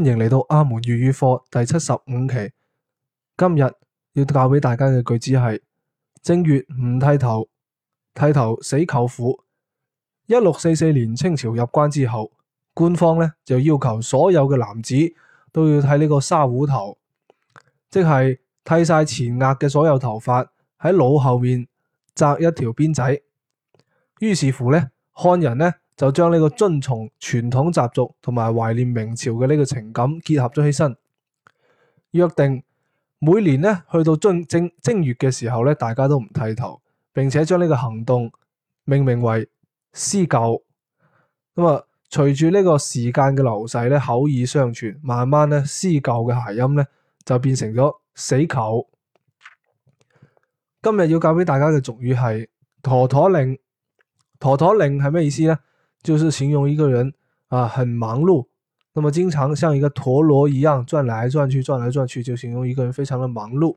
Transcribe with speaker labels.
Speaker 1: 歡迎嚟到阿門粵語課第七十五期。今日要教俾大家嘅句子係：正月唔剃頭，剃頭死舅父。一六四四年清朝入關之後，官方咧就要求所有嘅男子都要剃呢個沙壺頭，即係剃晒前額嘅所有頭髮，喺腦後面紮一條辮仔。於是乎咧，漢人呢。就將呢個遵從傳統習俗同埋懷念明朝嘅呢個情感結合咗起身，約定每年咧去到正正正月嘅時候咧，大家都唔剃頭，並且將呢個行動命名為思舊。咁啊，隨住呢個時間嘅流逝咧，口耳相傳，慢慢呢思舊嘅諧音呢就變成咗死舅。今日要教俾大家嘅俗語係陀陀拎，陀陀拎係咩意思呢？就是形容一個人啊，很忙碌，那麼經常像一個陀螺一樣轉來轉去，轉來轉去，就形容一個人非常的忙碌。